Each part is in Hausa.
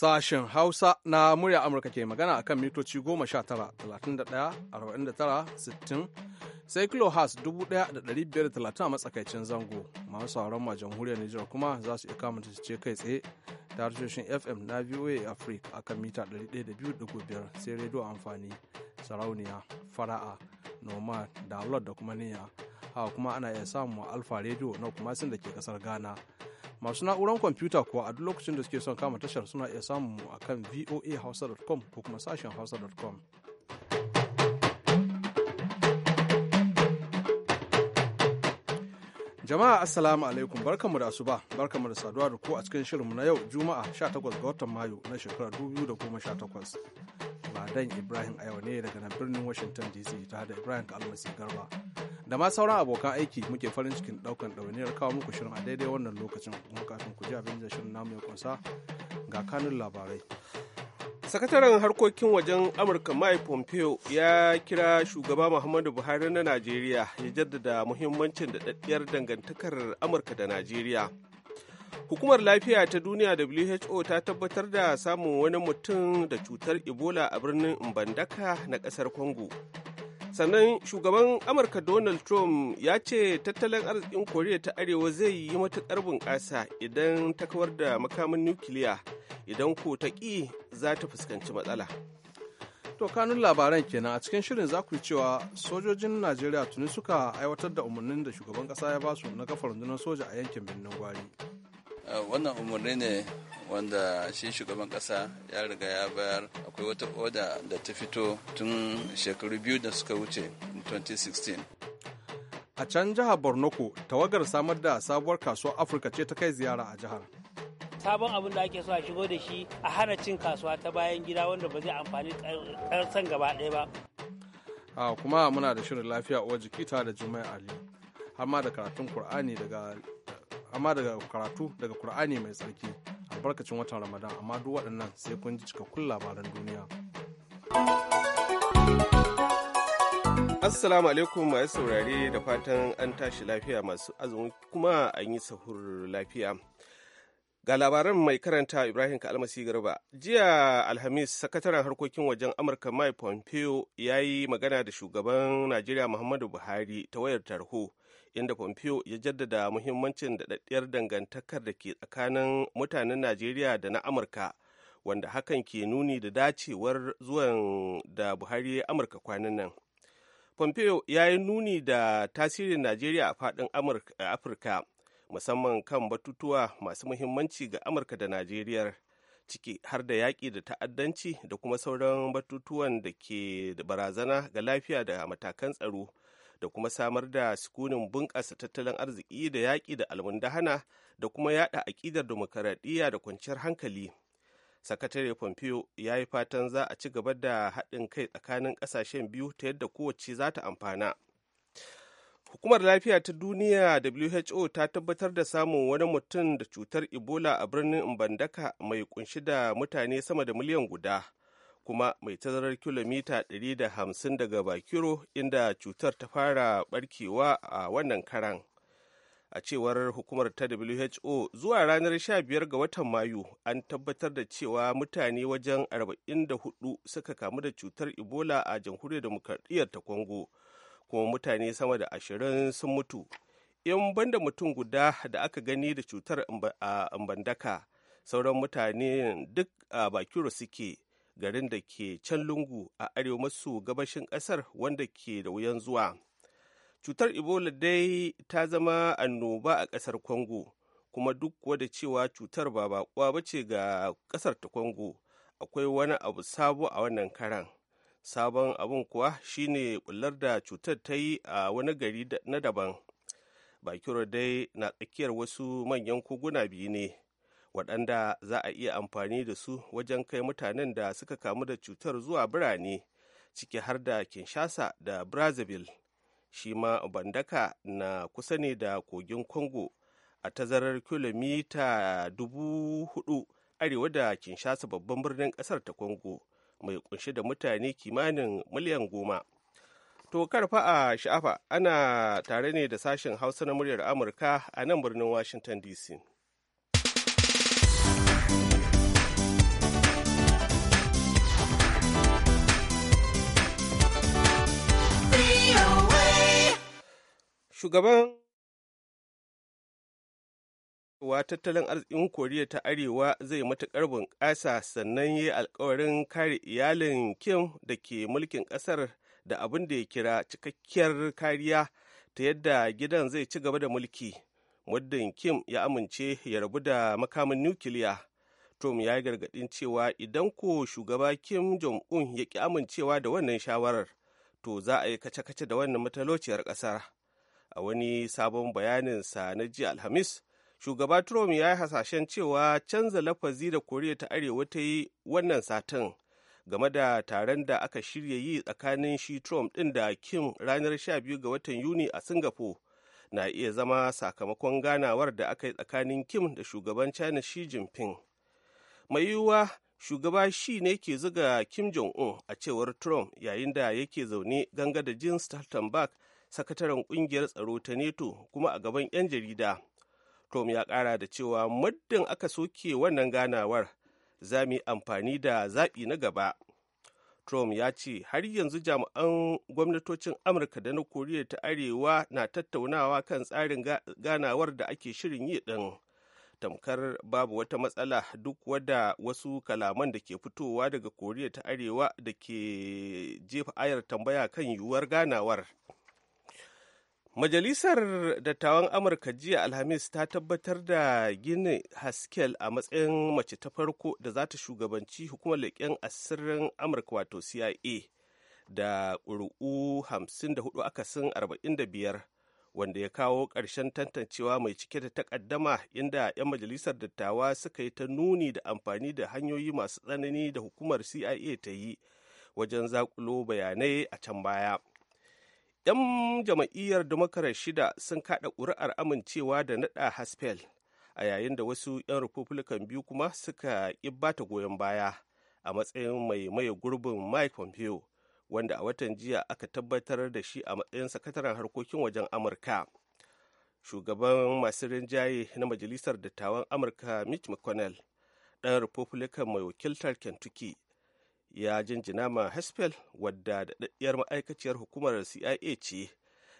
Sashen Hausa na murya Amurka ke magana a kan mitoci 19-31-49-60 sai kilohas 1,530 a matsakaicin zango masu sauran ma jamhuriyar Nijar kuma za su iya kamata su ce kai tsaye ta harshen FM na VOA Africa a kan mita 102.5 sai rediyo amfani sarauniya fara'a noma download da kuma niyya hawa kuma ana iya samun alfa rediyo na kuma sun da ke kasar Ghana masu na'urar kwamfuta kuwa a duk lokacin da suke son kama tashar suna iya samun mu akan voahausa.com ko kuma sashen hausa.com Jama'a Assalamu alaikum mu da asuba barkamu da saduwa da ku a cikin shirinmu na yau Juma'a 18 ga watan Mayu na shekarar 2018. Ladan Ibrahim a yau ne daga nan birnin Washington DC ta da Ibrahim Kalmasi Garba. Da ma sauran abokan aiki muke farin cikin daukan ɗawainiyar kawo muku shirin a daidai wannan lokacin kuma kafin ku ji abin da shirin namu ya kunsa ga kanun labarai. sakataren harkokin wajen amurka mike pompeo ya kira shugaba muhammadu buhari na najeriya ya jaddada muhimmancin daɗaɗɗiyar dangantakar amurka da najeriya hukumar lafiya ta duniya who ta tabbatar da samun wani mutum da cutar ebola a birnin mbandaka na ƙasar congo sannan shugaban amurka donald trump ya ce tattalin arzikin koriya ta arewa zai yi matuƙar bunƙasa idan ta kawar da makamin nukiliya idan ko ta ƙi za ta fuskanci matsala to kanun labaran kenan a cikin shirin za ku cewa sojojin najeriya tuni suka aiwatar da umarnin da shugaban ƙasa ya basu na kafa rundunar soja a yankin birnin gwari eh, wannan umarni ne wanda shi shugaban kasa ya riga ya bayar akwai wata oda da ta fito tun shekaru biyu da suka wuce 2016 a can jihar borno ko tawagar samar da sabuwar kasuwar afirka ce ta kai ziyara a jihar sabon abin da ake so a shigo da shi a hana cin kasuwa ta bayan gida wanda ba zai amfani karsan gaba ɗaya ba a kuma muna da shirin lafiya uwar jiki tare da jimai ali amma da daga amma daga karatu daga kur'ani mai tsarki albarkacin watan Ramadan amma duk waɗannan sai kun ji cikakkun labaran duniya. Assalamu alaikum masu saurare da fatan an tashi lafiya masu azumi kuma an yi sahur lafiya. Ga labaran mai karanta Ibrahim Kalmasi Garba. Jiya Alhamis, sakataren harkokin wajen Amurka Mike Pompeo ya yi magana da shugaban Najeriya Muhammadu Buhari ta wayar tarho inda pompeo ya jaddada muhimmancin daɗaɗɗiyar dangantakar da ke tsakanin mutanen najeriya da na amurka wanda hakan ke nuni da dacewar zuwan da buhari amurka kwanan nan pompeo ya yi nuni da tasirin najeriya a faɗin afirka musamman kan batutuwa masu muhimmanci ga amurka da najeriya ciki har da yaƙi da ta'addanci da kuma sauran batutuwan da ke barazana ga lafiya da matakan tsaro da kuma samar da sukunin bunƙasa tattalin arziki da yaƙi da almundahana da kuma yaɗa aƙidar demokaradiyya da kwanciyar hankali sakatare pompeo ya yi fatan za a ci gaba da haɗin kai tsakanin ƙasashen biyu ta yadda kowace za ta amfana hukumar lafiya ta duniya who ta tabbatar da samun wani mutum da cutar ebola a birnin mbandaka mai kunshi da mutane sama da miliyan guda kuma mai tazarar kilomita 150 daga bakiro inda cutar ta fara barkewa a wannan karan a cewar hukumar ta who zuwa ranar 15 ga watan mayu an tabbatar da cewa mutane wajen 44 suka kamu da cutar ebola a jamhuriyar demokradiyyar ta kongo kuma mutane sama da 20 sun mutu in banda mutum guda da aka gani da cutar a mbandaka sauran mutane duk a bakiro suke garin da ke can lungu a arewa maso gabashin ƙasar wanda ke da wuyan zuwa cutar ebola dai ta zama annoba a ƙasar congo kuma duk wada cewa cutar ba bakuwa ba ce ga ƙasar ta congo akwai wani abu sabo a wannan karan sabon abin kuwa shine bullar da cutar ta yi a wani gari na daban bakiro dai na tsakiyar wasu manyan koguna biyu ne waɗanda za a iya amfani da su wajen kai mutanen da suka kamu da cutar zuwa birane ciki har da kinshasa da brazzaville shi ma bandaka na kusa ne da kogin congo a tazarar kilomita dubu arewa da kinshasa babban birnin ƙasar ta congo mai kunshi da mutane kimanin miliyan goma To karfa a sha'afa ana tare ne da sashen Hausa na muryar Amurka a nan birnin Washington DC. shugaban wa tattalin arzikin koriya ta arewa zai matuƙar bunƙasa sannan ya yi alkawarin kare iyalin kim da ke mulkin ƙasar da abin da ya kira cikakkiyar kariya ta yadda gidan zai ci gaba da mulki muddin kim ya amince ya rabu da makamin nukiliya tom ya yi gargaɗin cewa idan ko shugaba kim jong-un ya ƙi amincewa da wannan shawarar to za a yi kace-kace da wannan matalociyar ƙasar. a wani sabon bayaninsa na jiya alhamis shugaba trump ya yi hasashen cewa canza lafazi da koriya ta arewa ta yi wannan satin game da taron da aka shirya yi tsakanin shi trump din da kim ranar 12 ga watan yuni a singapore na iya zama sakamakon ganawar da aka yi tsakanin kim da shugaban china shi jinping mai yiwuwa shugaba shi ne ke zuga kim jong-un a cewar trump yayin da yake zaune ganga da jin stoltenberg sakataren kungiyar tsaro ta neto kuma a gaban 'yan jarida trump ya kara da cewa muddin aka soke wannan ganawar za mu yi amfani da zaɓi na gaba trump ya ce har yanzu jami'an gwamnatocin amurka da na koriya ta arewa na tattaunawa kan tsarin ganawar da ake shirin yi ɗin tamkar babu wata matsala duk wadda wasu kalaman da ke fitowa daga koriya ta arewa da ke jefa ayar tambaya kan yiwuwar ganawar Majalisar Dattawan Amurka jiya Alhamis ta tabbatar da gini Haskell a matsayin mace ta farko da za ta shugabanci hukumar leƙen asirin Amurka wato CIA da ƙuri'u 54 akasin 45 wanda ya kawo ƙarshen tantancewa mai cike da takaddama inda 'yan majalisar dattawa suka yi ta nuni da amfani da hanyoyi masu tsanani da hukumar CIA ta yi wajen zakulo bayanai a can baya. 'yan jama'iyyar demokarar shida sun kada ƙuri'ar amincewa da naɗa haspel a yayin da wasu 'yan republican biyu kuma suka ƙi bata goyon baya a matsayin mai maye gurbin mike pompeo wanda a watan jiya aka tabbatar da shi a matsayin sakataren harkokin wajen amurka shugaban masu rinjaye na majalisar dattawan amurka mitch mcconnell ɗan republican mai wakiltar kentucky ya jinjina ma haspel wadda daɗaɗɗiyar ma'aikaciyar hukumar cia ce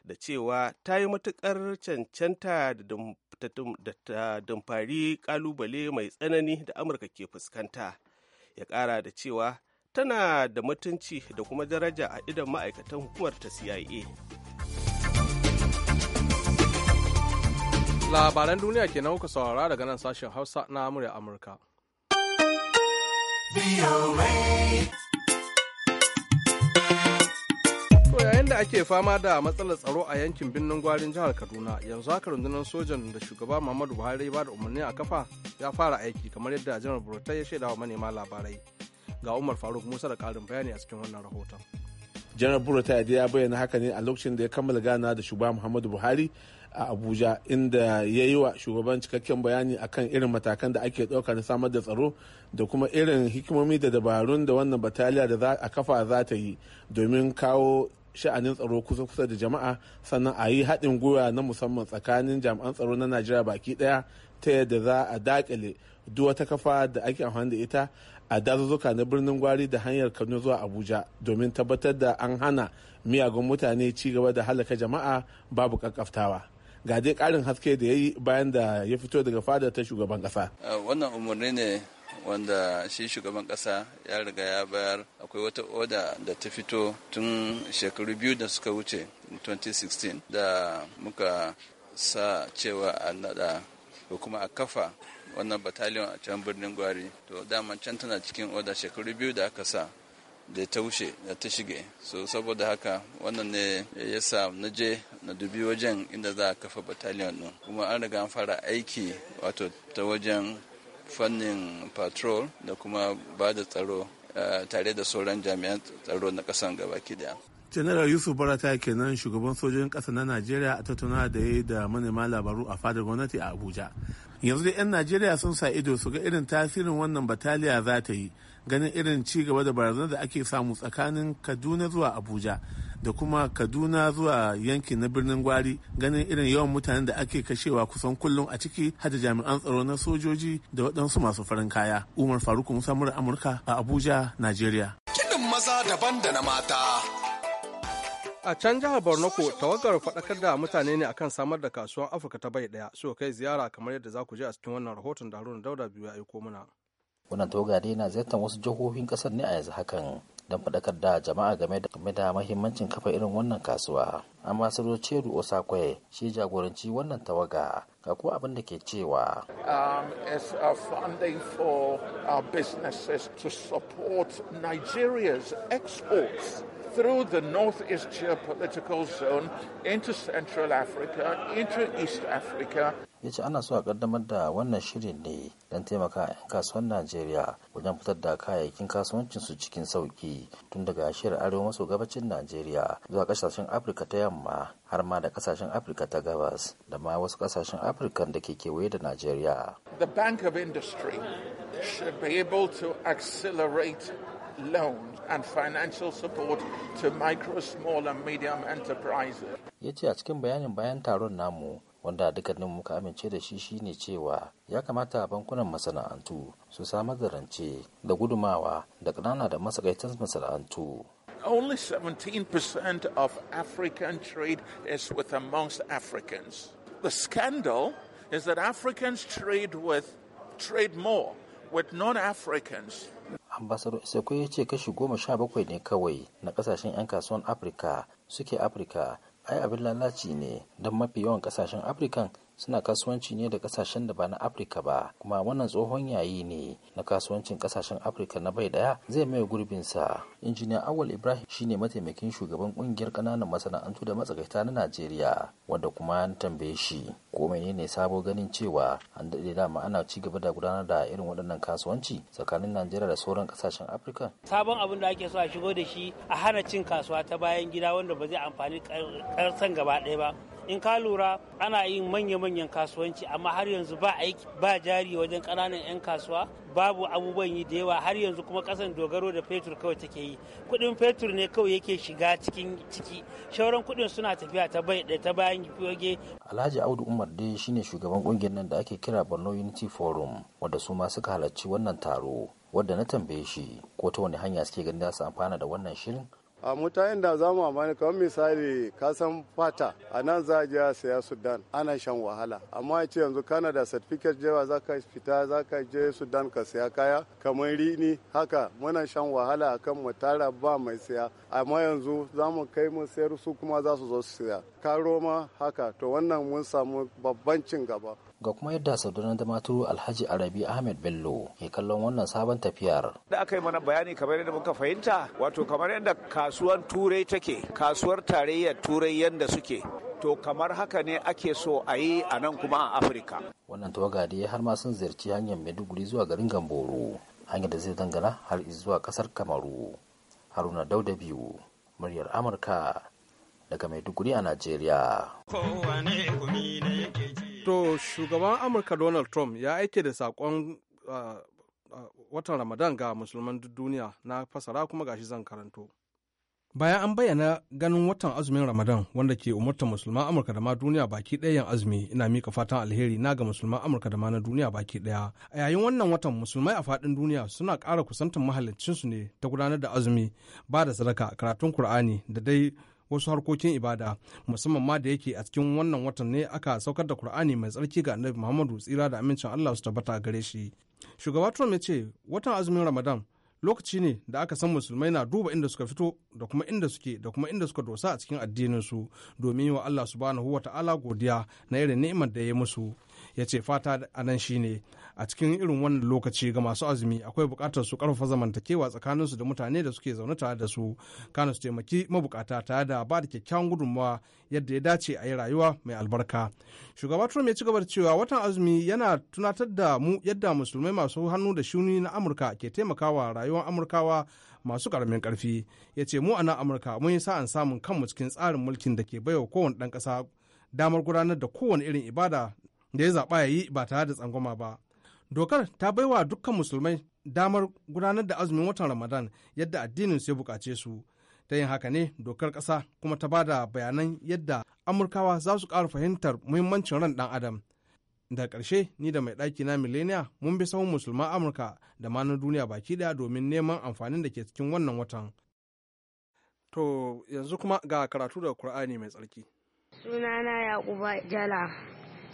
da cewa ta yi matuƙar cancanta da ta dumfari ƙalubale mai tsanani da amurka ke fuskanta ya ƙara da cewa tana da mutunci da kuma daraja a idan ma'aikatan hukumar ta cia labaran duniya kenan kuka saurara daga nan sashen hausa na amurka yayin da ake fama da matsalar tsaro a yankin birnin gwarin jihar kaduna yanzu haka rundunar sojan da shugaba muhammadu buhari ya bada umarni a kafa ya fara aiki kamar yadda janar burtai ya shaidawa manema labarai ga umar faruk musa da karin bayani a cikin wannan rahoton janar burata ya bayyana haka ne a lokacin da ya kammala gana da shugaba muhammadu buhari a abuja inda ya yi wa shugaban cikakken bayani akan irin matakan da ake ɗauka na samar da tsaro da kuma irin hikimomi da dabarun da wannan bataliya da a kafa za ta yi domin kawo sha'anin tsaro kusa-kusa da jama'a sannan a yi haɗin gwiwa na musamman tsakanin jami'an tsaro na najeriya baki ɗaya ta yadda za a dakile duk wata kafa da ake amfani da ita a dazuzzuka na birnin gwari da hanyar kano zuwa abuja domin tabbatar da an hana miyagun mutane ci gaba da halaka jama'a babu kakkaftawa ga dai karin haske da ya yi bayan da ya fito daga fadar ta shugaban kasa eh, wannan umarni ne wanda shi shugaban kasa ya riga ya bayar akwai wata oda da ta fito tun shekaru biyu da suka wuce 2016 da muka sa cewa a nada ko kuma a kafa wannan bataliyon a can birnin gwari to dama can tana cikin oda shekaru biyu da aka sa da ta wuce da ta shige so saboda haka wannan ne ya sa na je na dubi wajen inda za a kafa batalion din kuma an riga an fara aiki wato ta wajen fannin patrol da kuma ba da tsaro eh, tare da sauran jami'an tsaro na kasan gabaki daya general yusuf barata kenan shugaban sojojin kasa na najeriya a tattauna da ya da manema labaru a fadar gwamnati a abuja yanzu da 'yan najeriya sun sa ido su ga irin tasirin wannan bataliya za ta yi ganin irin ci gaba da barazanar da ake samu tsakanin kaduna zuwa abuja da kuma kaduna zuwa yankin na birnin gwari ganin irin yawan mutanen da ake kashewa kusan kullum a ciki har jami'an tsaro na sojoji da waɗansu masu farin kaya umar faruk musa amurka a abuja najeriya kiɗin maza daban da na mata a can jihar borno ko tawagar faɗakar da mutane ne akan samar da kasuwan afirka ta bai ɗaya so kai ziyara kamar yadda za ku je a cikin wannan rahoton da haruna dauda biyu ya aiko mana wannan tawaga dai na ziyartar wasu jihohin ƙasar ne a yanzu hakan don faɗakar da jama'a game da mahimmancin kafa irin wannan kasuwa amma saro ceru osakwe shi jagoranci wannan tawaga ga ko abin da ke cewa um, to support Nigeria's exports through the northeast geopolitical zone into Central Africa, into East Africa. ya ce ana so a kaddamar da wannan shirin ne don najeriya wajen fitar da kayayyakin kasuwancinsu cikin sauki tun daga shirin arewa maso gabacin najeriya zuwa kasashen afirka ta yamma har ma da kasashen afirka ta gabas da ma wasu kasashen afirka da ke kewaye da najeriya the bank of industry should be able to accelerate loans and financial support to micro, small and medium enterprises. Ya ce a cikin bayanin bayan taron namu wanda dukkanin muka amince da shi shine cewa ya kamata bankunan masana'antu su samar da rance da gudumawa da ƙanana da masakaitan masana'antu. Only 17% of African trade is with amongst Africans. The scandal is that Africans trade with trade more with non-Africans ambasado iseko ya ce kashi goma sha bakwai ne kawai na kasashen 'yan kasuwan afirka suke afirka ai abin lalaci ne don mafi yawan kasashen afirkan suna kasuwanci ne da kasashen da ba na afirka ba kuma wannan tsohon yayi ne na kasuwancin kasashen afirka na bai daya zai mai gurbinsa injiniya awal ibrahim shine mataimakin shugaban kungiyar kananan masana'antu da matsakaita na najeriya wanda kuma an tambaye shi ko ne sabo ganin cewa an daɗe dama ana ci gaba da gudanar da irin waɗannan kasuwanci tsakanin najeriya da sauran kasashen afirka sabon abin da ake so a shigo da shi a hana cin kasuwa ta bayan gida wanda ba zai amfani ƙarsan gaba ɗaya ba in ka lura ana yin manya-manyan kasuwanci amma har yanzu ba aiki ba jari wajen kananan 'yan kasuwa babu abubuwan yi da yawa har yanzu kuma kasan dogaro da fetur kawai take yi kuɗin fetur ne kawai yake shiga cikin ciki shauran kuɗin suna tafiya ta bai da ta bayan yoge alhaji audu umar dai shine shugaban kungiyar nan da ake kira borno unity forum wanda su ma suka halarci wannan taro wadda na tambaye shi ko ta wani hanya suke ganin za su amfana da wannan shirin a mutanen da za mu amfani kamar misali kasan fata a nan za a je saya sudan ana shan wahala amma ce yanzu kana da certificate jewa za ka fita za ka je sudan ka saya kaya kamar rini haka muna shan wahala a kan mutara ba mai saya amma yanzu za mu kai mu sayar su kuma za su zo su saya karo ma haka to wannan mun samu babban cin gaba ga kuma yadda saudanar da maturu alhaji arabi ahmed bello ke kallon wannan sabon tafiyar da aka yi mana bayani kamar yadda muka fahimta wato kamar yadda kasuwan turai take kasuwar tarayyar turai yadda suke to kamar haka ne ake so a yi a nan kuma a afirka wannan tawaga dai har ma sun ziyarci hanyar maiduguri zuwa garin gamboro hanyar da zai dangana har zuwa kasar kamaru haruna dauda biyu muryar amurka daga maiduguri a najeriya To shugaban Amurka Donald Trump ya aike da sakon ah, ah, watan Ramadan ga musulman duniya na fasara kuma gashi zan karanto. Bayan an bayyana ganin watan azumin Ramadan wanda ke umartar musulman Amurka da ma duniya baki yan azumi ina mika fatan alheri na ga musulman Amurka da ma na duniya baki ɗaya. A yayin wannan watan musulmai a faɗin duniya suna ƙara kusantar mahalicinsu ne ta gudanar da azumi ba da sadaka karatun Kur'ani da dai wasu harkokin ibada musamman ma da yake a cikin wannan watan ne aka saukar da kur'ani mai tsarki ga annabi muhammadu tsira da amincin allah su tabbata gare shi shugaba trump ya ce watan azumin ramadan lokaci ne da aka san musulmai na duba inda suka fito da kuma inda suke da kuma inda suka dosa a cikin addininsu domin yi wa allah subhanahu wata ta'ala godiya na irin ni'imar da ya yi musu ya ce fata a nan shine a cikin irin wannan lokaci ga masu azumi akwai bukatar su karfafa zamantakewa tsakaninsu da mutane da suke zaune tare da su kana su taimaki mabukata tare da ba da kyakkyawan gudunmawa yadda ya dace a yi rayuwa mai albarka shugaba trump ya ci gaba da cewa watan azumi yana tunatar da mu yadda musulmai masu hannu da shuni na amurka ke taimakawa rayuwar amurkawa masu karamin karfi ya ce mu a nan amurka mun yi sa'an samun kanmu cikin tsarin mulkin da ke baiwa kowane ɗan ƙasa damar gudanar da kowane irin ibada da ya zaɓa ya yi ba tare da tsangwama ba. Dokar ta baiwa dukkan musulmai damar gudanar da azumin watan Ramadan yadda addinin sai bukace su. Ta yin haka ne dokar ƙasa kuma ta bada bayanan yadda Amurkawa za su ƙara fahimtar muhimmancin ran ɗan Adam. Da ƙarshe ni da mai ɗaki na mileniya mun bi sahun musulman Amurka da ma na duniya baki ɗaya domin neman amfanin da ke cikin wannan watan. To yanzu kuma ga karatu da Kur'ani mai tsarki. Sunana Yakuba Jala.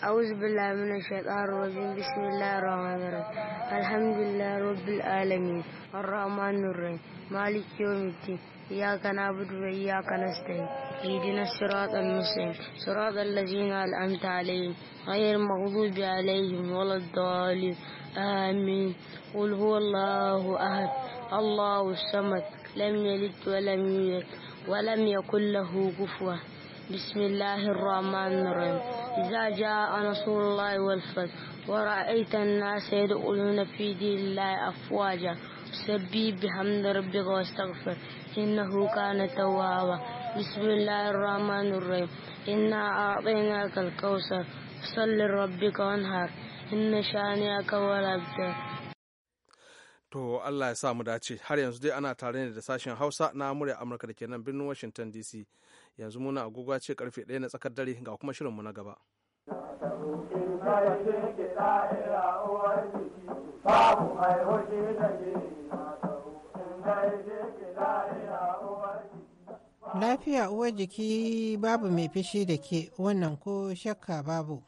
أعوذ بالله من الشيطان الرجيم بسم الله الرحمن الرحيم الحمد لله رب العالمين الرحمن الرحيم مالك يوم الدين إياك نعبد وإياك نستعين اهدنا الصراط المستقيم صراط الذين أنعمت عليهم غير المغضوب عليهم ولا الضالين آمين قل هو الله أحد الله الصمد لم يلد ولم يولد ولم يكن له كفوا بسم الله الرحمن الرحيم إذا جاء نصر الله والفتح ورأيت الناس يدخلون في دين الله أفواجا سبي بحمد ربك واستغفر إنه كان توابا بسم الله الرحمن الرحيم إنا أعطيناك الكوثر صل لربك وانهار إن شانئك هو الأبتر To Allah ya sa mu dace har yanzu dai ana tare ne da sashen Hausa na murya Amurka da ke nan birnin Washington DC yanzu muna agogo ce karfe ɗaya na tsakar dare ga kuma shirinmu na gaba lafiya uwar jiki babu mai fishi da ke wannan ko shakka babu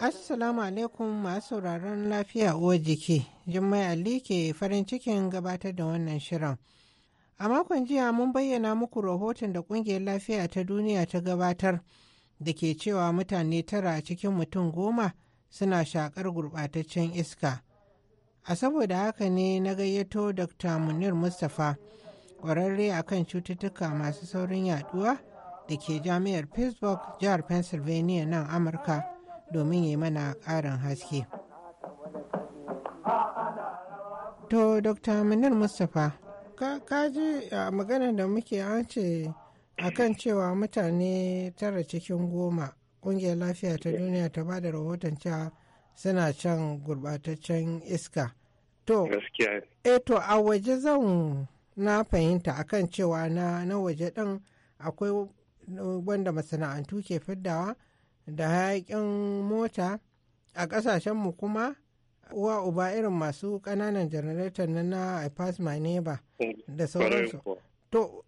Assalamu alaikum masu sauraron lafiya uwar jiki, Jummai Ali ke farin cikin gabatar da wannan shirin. A makon jiya mun bayyana muku rahoton da ƙungiyar lafiya ta duniya ta gabatar da ke cewa mutane tara a cikin mutum goma suna shakar gurɓataccen iska. A saboda haka ne na gayyato Dr. Munir Mustapha, ƙwararre a kan cututtuka masu saurin yaduwa da ke jami'ar Pittsburgh, jihar Pennsylvania nan Amurka. domin yi mana ƙarin haske. To, Dr. Munir Mustapha, ka ji maganar da muke an ce a kan cewa mutane tara cikin goma ƙungiyar lafiya ta duniya ta bada da rahoton cewa suna can gurbataccen iska. To, e to a waje zan na fahimta a kan cewa na, waje ɗin akwai wanda masana'antu ke fiddawa da hayaƙin mota a mu kuma uwa uba irin masu ƙananan janareton na na ipas pass mm, da sauransu to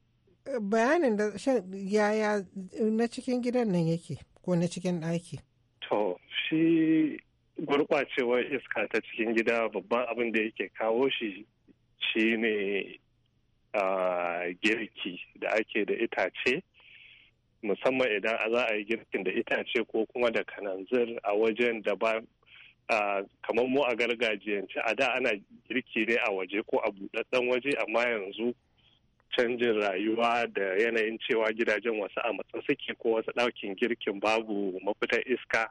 bayanin da shan yaya na cikin gidan nan yake ko na cikin ɗaki to shi gurɓacewar iska ta cikin gida babban abin da yake kawo shi shi ne ah, girki da ake da itace musamman idan za a yi girkin da itace ko kuma da kananzir a wajen da ba kamar mu a gargajiyance a da ana girki ne a waje ko a buɗaɗɗen waje amma yanzu canjin rayuwa da yanayin cewa gidajen wasu a matsa suke ko wasu ɗaukin girkin babu mafitar iska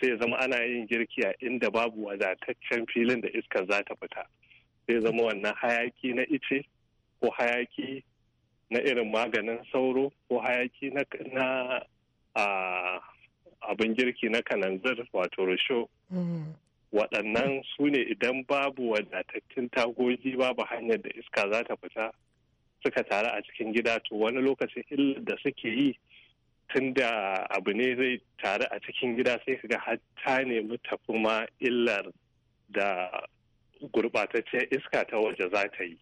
sai zama ana yin girki a inda babu wadataccen filin da iska za ta fita sai zama wannan hayaki na ice ko hayaki na irin maganin sauro ko hayaki na abin girki na kananzir wato rusho hmm. waɗannan su ne idan babu wadatattun tagogi babu hanyar da iska za ta fita suka taru a cikin gida to wani lokacin illar da suke yi tun da abu ne zai taru a cikin gida sai ga hatta nemi tafi ma illar da gurɓatacciyar iska ta waje za ta yi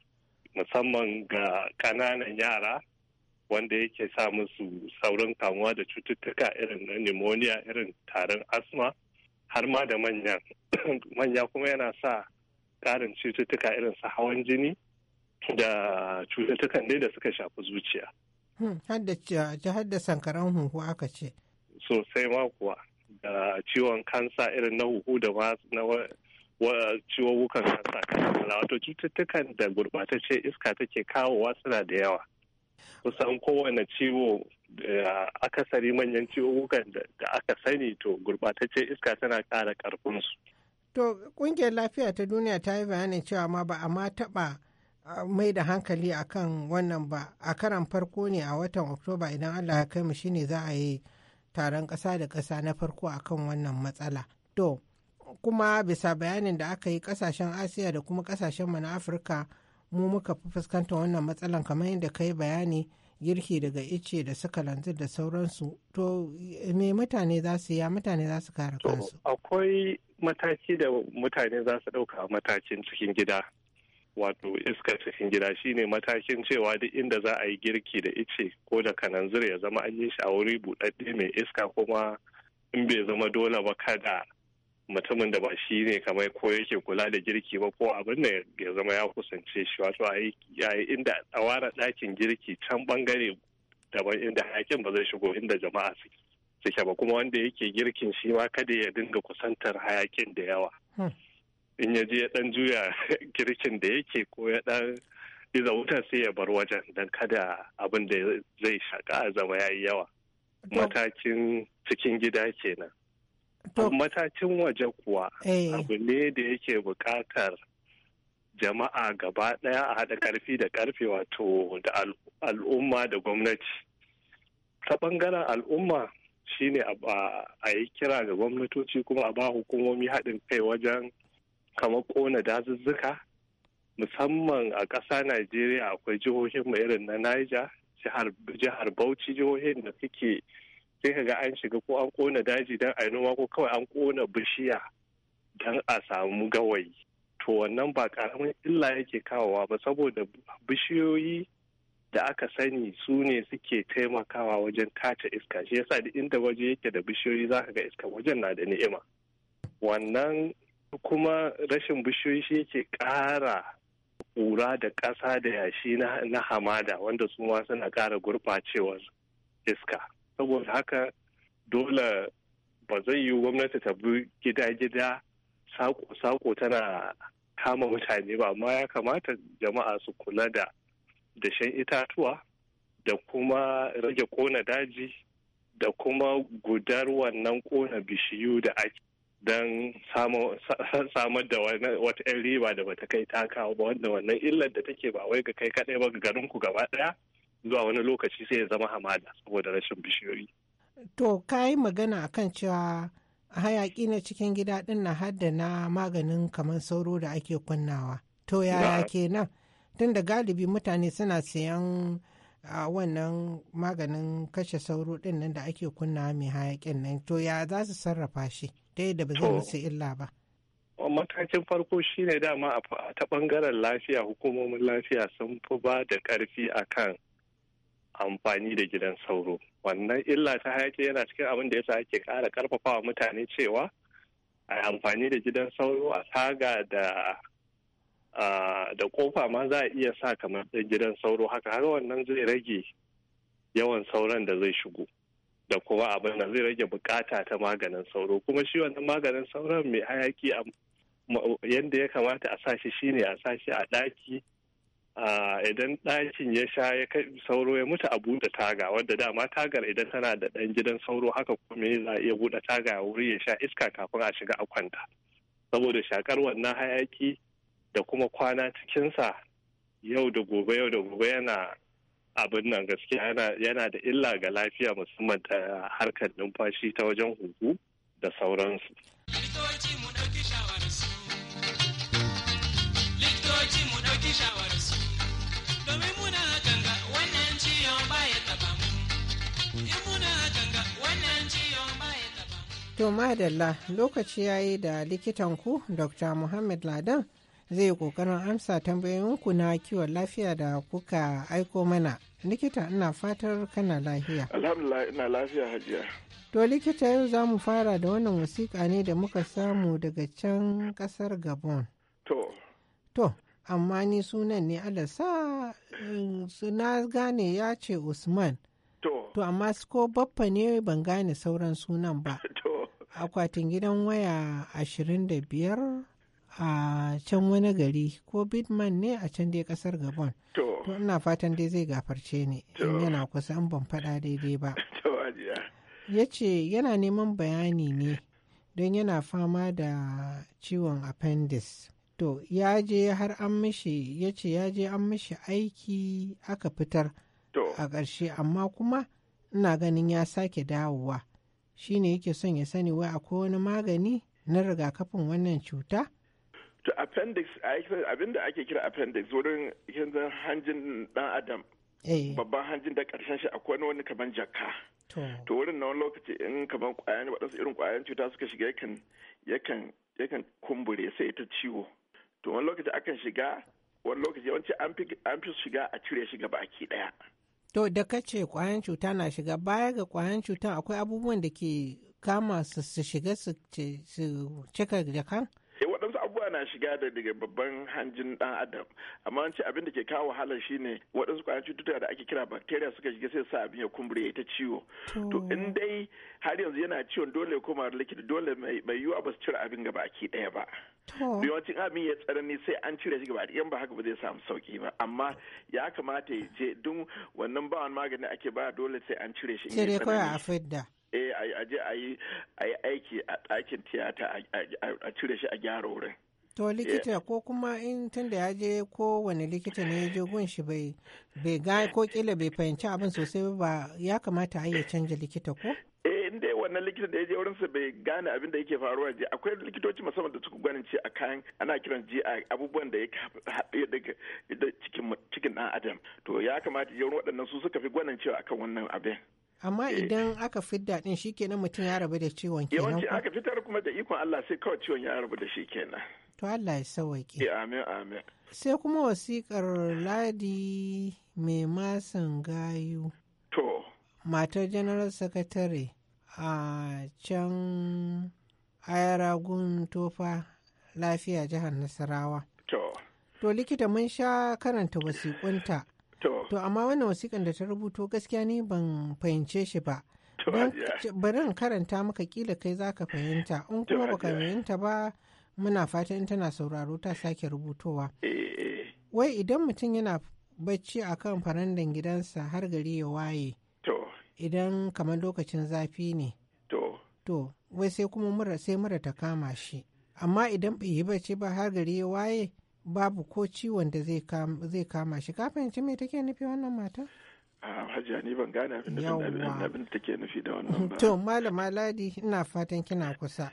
musamman ga ƙananan yara wanda yake sa musu saurin kamuwa da cututtuka irin na pneumonia irin tarin asma har ma da manya manya kuma yana sa ƙarin cututtuka irin su hawan jini da cututtukan dai da suka shafi zuciya hmm, ta haddasa sankaran huhu aka ce sosai ma kuwa da ciwon kansa irin na huhu da ma ciwowukan sansa wato cututtukan da gurbatacce iska take kawowa suna da yawa kusan kowane ciwo akasari manyan ciwowukan da aka sani to gurbatacce iska tana kara karfinsu. to kungiyar lafiya ta duniya ta yi bayanin cewa ma ba a ma taɓa mai da hankali akan wannan ba a karan farko ne a watan oktoba idan allah ya kai mu shine za a yi taron ƙasa da ƙasa na farko akan wannan matsala to kuma bisa bayanin da aka yi kasashen asiya da kuma kasashen mana afirka mu muka fi fuskanta wannan matsalan kamar yadda ka yi bayani girki daga ice da suka lantar da sauransu to me mutane za su ya mutane za su kare kansu akwai mataki da mutane za su ɗauka a matakin cikin gida wato iska cikin gida shine matakin cewa duk inda za a yi girki da ice ko da kananzir ya zama an yi shi a wuri buɗaɗɗe mai iska kuma in bai zama dole ba kada mutumin da ba shi ne kamar ko yake kula da girki ba ko abin da ya zama ya kusance shi wato a yi inda a ware ɗakin girki can bangare daban inda hayakin ba zai shigo inda jama'a suke ba kuma wanda yake girkin shi ma kada ya dinga kusantar hayakin da yawa hmm. in ya je ya dan juya girkin da yake ko ya dan iza wutar sai ya bar wajen don kada abin da zai shaka a zama ya yi yawa matakin cikin gida kenan matakin waje kuwa eh. abu ne da yake buƙatar jama'a gaba ɗaya a haɗa ƙarfi da karfe wato da al'umma da gwamnati ta ɓangaren al'umma shine a yi kira ga gwamnatoci kuma a ba hukumomi haɗin kai wajen kamar ƙona dazuzzuka musamman a ƙasa najeriya akwai jihohin mu irin na niger jihar bauchi jihohin da suke sai ka ga an shiga ko an kona daji don a noma ko kawai an kona bishiya don a samu gawayi to wannan ba karamin illa yake kawowa ba saboda bishiyoyi da aka sani su ne suke taimakawa wajen tace iska shi yasa da inda waje yake da bishiyoyi za ka ga iska wajen na da ni'ima wannan kuma rashin bishiyoyi shi yake ƙara kura da ƙasa da yashi na hamada wanda su ma suna ƙara gurɓacewar iska saboda haka dole ba zai yi gwamnati ta bi gida-gida sako tana kama mutane ba amma ya kamata jama'a su kula da dashen itatuwa da kuma rage kona daji da kuma gudar wannan kona bishiyu da ake don samar da wata 'yan riba da bata kai ta kawo ba wannan illar da take ba wai ga kai kaɗai ba ga garinku gaba ɗaya zuwa wani lokaci sai ya zama hamada saboda rashin bishiyoyi. To, ka yi magana a kan cewa hayaƙi na cikin gida ɗin na hadda na maganin kamar sauro da ake kunnawa. To, yaya kenan? Tun da galibi mutane suna siyan a wannan maganin kashe sauro ɗin nan da ake kunna mai hayaƙin nan. To, ya za su sarrafa shi ta yadda ba zai musu illa ba. matakin farko shine dama a ta ɓangaren lafiya hukumomin lafiya sun fi ba da ƙarfi kan. amfani da gidan sauro wannan illa ta hayaki yana cikin abin da yasa ake ƙara wa mutane cewa a amfani da gidan sauro a saga da da kofa ma za a iya sa kamar gidan sauro haka har wannan zai rage yawan sauran da zai shigo da kuma abin da zai rage bukata ta maganin sauro kuma shi wannan maganin sauron mai hayaki yadda ya kamata a sashi shi shine a sa shi a ɗaki idan ɗakin ya sha ya sauro ya mutu a buɗe taga wadda dama tagar idan tana da ɗan gidan sauro haka kuma za a iya buɗe taga a wuri ya sha iska kafin a shiga a kwanta saboda shakar wannan hayaki da kuma kwana cikinsa yau da gobe yau da gobe yana abin nan gaske yana da illa ga lafiya musamman ta harkar numfashi ta wajen huhu da sauransu. To madalla lokaci ya yi da likitan ku Dr. Muhammad Ladan zai kokarin amsa tambayoyin ku na kiwon lafiya da kuka aiko mana. Likita ina fatar kana lafiya. Alhamdulillah ina lafiya hajiya. To likita yau za mu fara da wannan wasiƙa ne da muka samu daga can ƙasar Gabon. To. To, amma ni sunan ne alasa na gane ya ce Usman. To. To, amma ko baffa ne ban gane sauran sunan ba. To. akwatin gidan waya 25 a can wani gari ko bidman ne a can dai kasar gabon to ina fatan dai zai gafarce ni in yana kusa an ban faɗa daidai ba ya ce yana neman bayani ne don yana fama da ciwon appendix to ya je har an mishi ya ce ya je an mishi aiki aka fitar a ƙarshe amma kuma ina ganin ya sake dawowa shi ne yake son ya sani wai akwai wani magani na rigakafin wannan cuta? To appendix abin da ake kira appendix wurin yanzu hanjin dan adam eh. babban hanjin da karshen shi akwai wani kaman jaka. To wurin na wani lokaci in kaman kwayan waɗansu irin kwayan cuta suka shiga yakan yakan yakan kumbure sai ta ciwo. To wani lokaci akan shiga wani lokaci yawanci an fi shiga a cire shi gaba baki daya To da ka ce kwayan cuta na shiga baya ga kwayan cutan akwai abubuwan da ke kama su shiga su cika jakan? abubuwa shiga da daga babban hanjin dan adam amma an ce abin da ke kawo wahala shine waɗansu kwayan cututtuka da ake kira bacteria suka shiga sai sa abin ya kumbure ya ta ciwo to in dai har yanzu yana ciwon dole ya koma likita dole mai yiwuwa ba su cire abin gaba ki ɗaya ba yawancin abin ya tsanani sai an cire shi gaba ɗaya ba haka ba zai samu sauki ba amma ya kamata ya je duk wannan ba wani magani ake ba dole sai an cire shi in a tsanani eh a je a yi aiki a ɗakin tiyata a cire shi a gyara wurin To likita ko kuma in tunda ya je ko wani likita ne ya je gun shi bai bai ga ko kila bai fahimci abin sosai ba ya kamata a ya canja likita ko? Eh inda wannan likita da ya je wurin sa bai gane abin da yake faruwa je akwai likitoci musamman da suka gwanin ce a kayan ana kiran ji a abubuwan da ya haɗe daga cikin cikin dan adam to ya kamata yawan waɗannan su suka fi gwanin cewa akan wannan abin. amma eh. idan aka fidda din kenan mutum ya rabu da ciwon kenan yawanci aka fitar kuma da ikon Allah sai kawai ciwon ya rabu da shi kenan To Allah ya sawaƙe. Eh, amin amin. Sai kuma wasiƙar Ladi mai masan gayu. To. Matar General Secretary a can Ayaragun Tofa lafiya jihar Nasarawa. To. To likita mun sha karanta wasiƙunta. To. amma wannan wasiƙan da ta rubuto gaskiya ni ban fahimce shi ba. Bari in karanta maka kila kai za ka fahimta. In kuma baka fahimta ba muna fatan tana sauraro ta sake rubutowa eh, wai idan mutum yana bacci a kan farandan gidansa har gari ya waye idan kamar lokacin zafi ne to wai sai kuma mura sai mura ta kama shi amma idan bai yi bacci ba har gari ya waye babu ko ciwon da zai kama shi kafin ci me take nufi wannan mata ah, hajiya ni ban gane abin da take nufi da wannan ba to malama ladi ina fatan kina kusa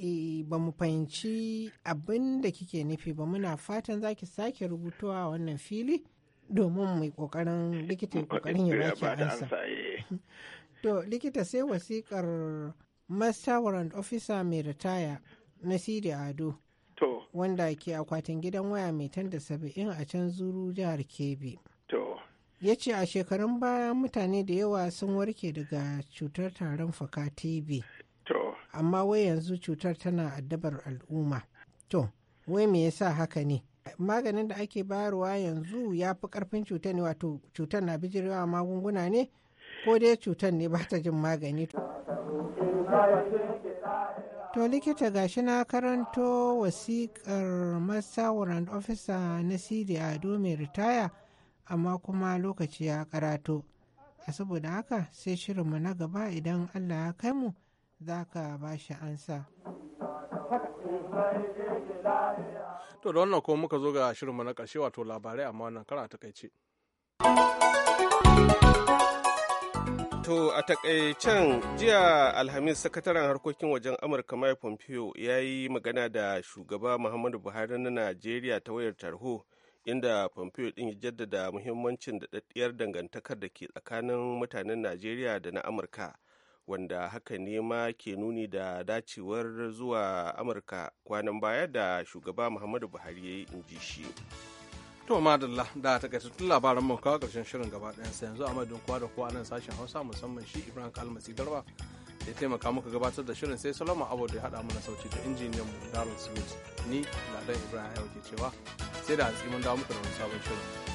E, ba mu fahimci abin da kike nufi ba muna fatan za ki sake rubutuwa a wannan fili domin mai kokarin likita kokarin ya baki ansa eh. to likita sai wasikar master warrant officer mai ritaya na sidi ado to wanda ke akwatin gidan waya mai tanda saba'in a can zuru jihar kebbi to ya ce a shekarun baya mutane da yawa sun warke daga cutar tarin fuka tb amma wai yanzu cutar tana addabar al'umma to wai me yasa haka ne maganin da ake bayarwa yanzu ya fi karfin cutar ne wato cutar na bijirewa magunguna ne ko dai cutar ne ba ta jin magani to likita gashi na karanto wasiƙar masa warrant officer na cd ado mai ritaya amma kuma lokaci ya karato a saboda haka sai shirinmu na gaba idan allah ya kai mu za ka ba shi ansa. To da wannan kuma muka zo ga shirin na ƙarshe wato labarai amma wannan kara takaice. To a takaicen jiya Alhamis sakataren harkokin wajen Amurka Mike Pompeo ya yi magana da shugaba Muhammadu Buhari na Najeriya ta wayar tarho inda Pompeo din ya jaddada muhimmancin daɗaɗɗiyar dangantakar da ke tsakanin mutanen Najeriya da na Amurka. wanda haka ne ma ke nuni da dacewar zuwa amurka kwanan baya da shugaba muhammadu buhari ya yi in ji shi to madalla da takaitattun labaran mu kawo karshen shirin gaba ɗayan sai yanzu a madadin kowa da kowa nan sashen hausa musamman shi ibrahim kalmasi garba da taimaka muka gabatar da shirin sai salama abu da ya haɗa mana sauci da injiniyan mu darren smith ni ladan ibrahim ya ke cewa sai da hatsi mun dawo muku da wani sabon shirin